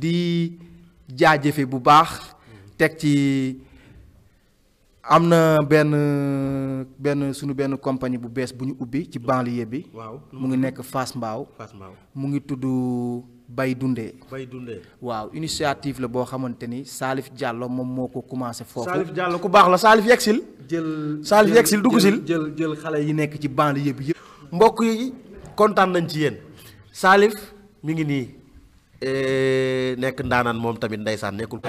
di jaajëfe bu baax teg ci am na benn benn sunu benn compagnie bu bees bu ñu ubbi ci banlieue bi. waaw mu ngi nekk Fass mbaaw Fass Mbao mu ngi tudd Bay Dundee. Bay Dundee waaw initiative la boo xamante ni Salif jàlloo moom moo ko commencé. foofu Salif ku baax la Salif yegsil. jël Salif yegsil dugg sil jël jël xale yi nekk ci banlieue bi yëpp. mbokk yi kontaan lañ ci yéen Salif mi ngi nii. Eh, nekk ndaanaan moom tamit ndeysaan nekkul. ku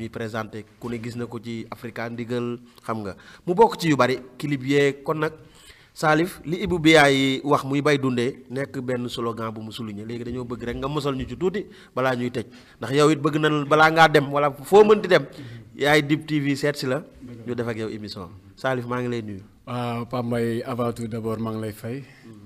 ñuy présenté ku ne gis na ko ci Africa Ndigal xam nga mu bokk ci yu bari clip yee kon nag. saalif li Ibou Biaye yi wax muy bay dundee nekk benn slogan bu mu souligné léegi dañoo bëgg rek nga mosal ñu ci tuuti balaa ñuy tëj ndax yow it bëgg na balaa ngaa dem wala foo mënti dem yaay Dip TV seet si la ñu def ak yow émission Salif maa ngi lay nuyu. waaw ah, Pape Mbaye avant tout d'abord maa ngi lay fay.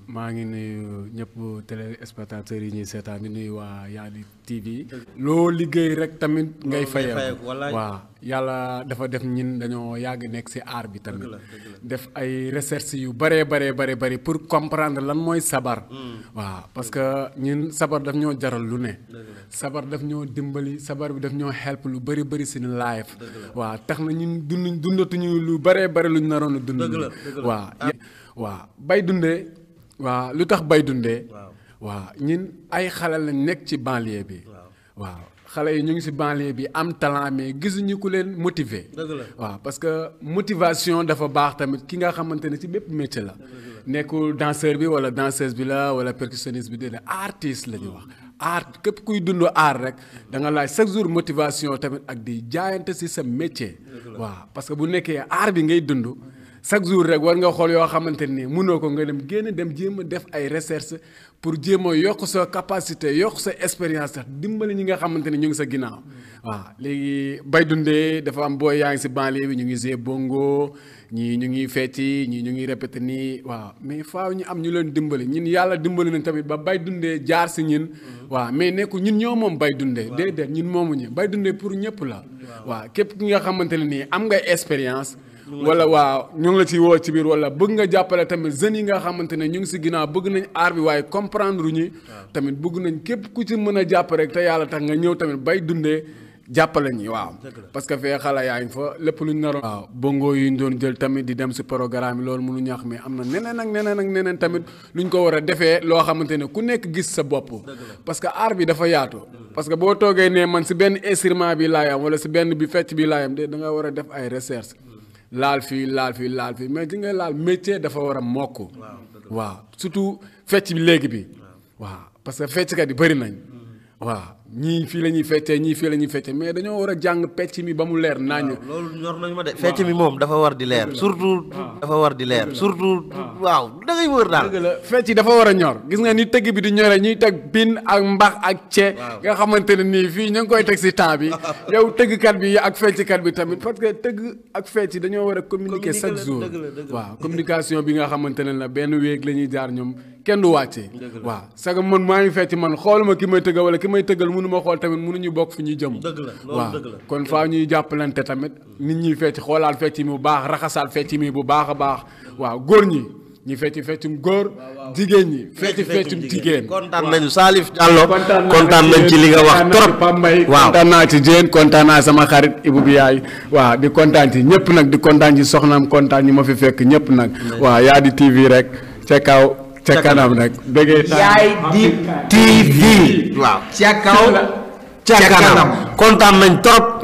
maa ngi nuyu ñëpp téléspectateurs yi ñuy seetaan di nuyu waa Yadi TV. loo liggéey rek tamit. ngay fayal waaw yàlla dafa def ñin dañoo yàgg nekk ci aar bi tamit. def ay recherche yu baree baree baree bari pour comprendre lan mooy sabar. Hmm. waaw parce que ñun sabar daf ñoo jaral lu ne. sabar daf ñoo dimbali sabar bi daf ñoo help lu bari bari ci life. waaw tax na ñun dund dundatuñu lu baree bari luñ naroon a dund. waaw ah. waaw bay dundee. waaw lu tax bay dundee. waaw ñun ay xale lañ nekk ci banlieue bi. waaw xale yi ñu ngi si banlieue bi am talent mais gisuñu ku leen motiver. waaw parce que motivation dafa baax tamit ki nga xamante ne si bépp métier la. nekkul danseur bi wala danseuse bi la wala percussionniste bi déedéet artiste la ñuy wax. art képp kuy dund art rek da nga laaj chaque jour motivation tamit ak di jaayante si sa métier. waa parce que bu nekkee aar bi ngay dund. chaque jour rek war nga xool yoo xamante ni mënoo ko nga dem génn dem jéem a def ay recherche pour jéem yokk sa capacité yokk sa expérience sax dimbali ñi nga xamante ni ñu ngi sa ginnaaw waaw léegi bay dundee dafa am booy yaa ngi si banlieue bi ñu ngi see bongo ñi ñu ngi feeti ñii ñu ngi répété nii waaw mais faaw ñu am ñu leen dimbali ñun yàlla dimbali nañ tamit ba bay dundee jaar si ñun mm-hmm. waaw mais nekku ñun ñoo moom bay dundee déedéet ñun moomuñu bay dundee pour ñëpp la waaw képp ki nga xamante ne nii am nga expérience wala waaw ñu ngi la ci woo ci biir wala bëgg nga jàppale tamit jeunes yi nga xamante ne ñu ngi si ginnaaw bëgg nañ aar bi waaye comprendre ñu tamit bëgg nañ képp ku ci mën a jàpp rek te yàlla tax nga ñëw tamit bay dundee jàppale ñi waaw parce que fee xale yaa ngi fa lépp luñ naroon waaw bongo yi ñu doon jël tamit di dem si programme yi loolu mënu ñax mais am na neneen ak neneen ak neneen tamit luñ ko war a defee loo xamante ne ku nekk gis sa bopp parce que aar bi dafa yaatu parce que boo toogee ne man si benn instrument bi laayam wala si benn bi fecc bi laayam de da nga war a def ay recherche laal fii laal fii laal fii mais di nga laal métier dafa war a mokk. waaw surtout fecc léegi bi. waaw parce que fecckat yi bëri nañ. Mm-hmm. waaw ñii fii la ñuy fete ñii fii la ñuy fete mais dañoo war a jàng pecc mi ba mu leer nañu. loolu ñor nañu ma de. fecc mi moom dafa war di leer. surtout dafa war di leer. surtout waaw da ngay wër daal. dëgg la fecc dafa war a ñor gis nga ni tëgg bi di ñore ñuy teg pin ak mbax ak ce nga xamante ne nii fii ñu ngi koy teg si temps bi yow tëggkat bi ak fecckat bi tamit parce que tëgg ak fecc dañoo war a communiquer chaque jour. waaw communication bi nga xamante ne la benn wéeg la ñuy jaar ñoom kenn du wàccee. waaw saga man mënuma xool tamit mënuñu bokk fi ñuy jëm. dëgg la loolu dëgg la kon faa ñuy jàppalante tamit. nit ñi fecc xoolaat fecc mi bu baax raxasaat fecc mii bu baax a baax waaw góor ñi. ñi fecci feccum góor jigéen ñi fecci feccum jigéen kontaan nañu Salif Diallo kontaan nañ ci li nga wax trop Pambay kontaan naa ci jéen kontaan naa sama xarit Ibou bi yaay waaw di kontaan ci ñëpp nag di kontaan ci soxnaam kontaan ñi ma fi fekk ñëpp nag waaw yaa di TV rek ca kanam nag bëggee yaay di TV. waaw ca kaw ca kanam kontaan nañ trop.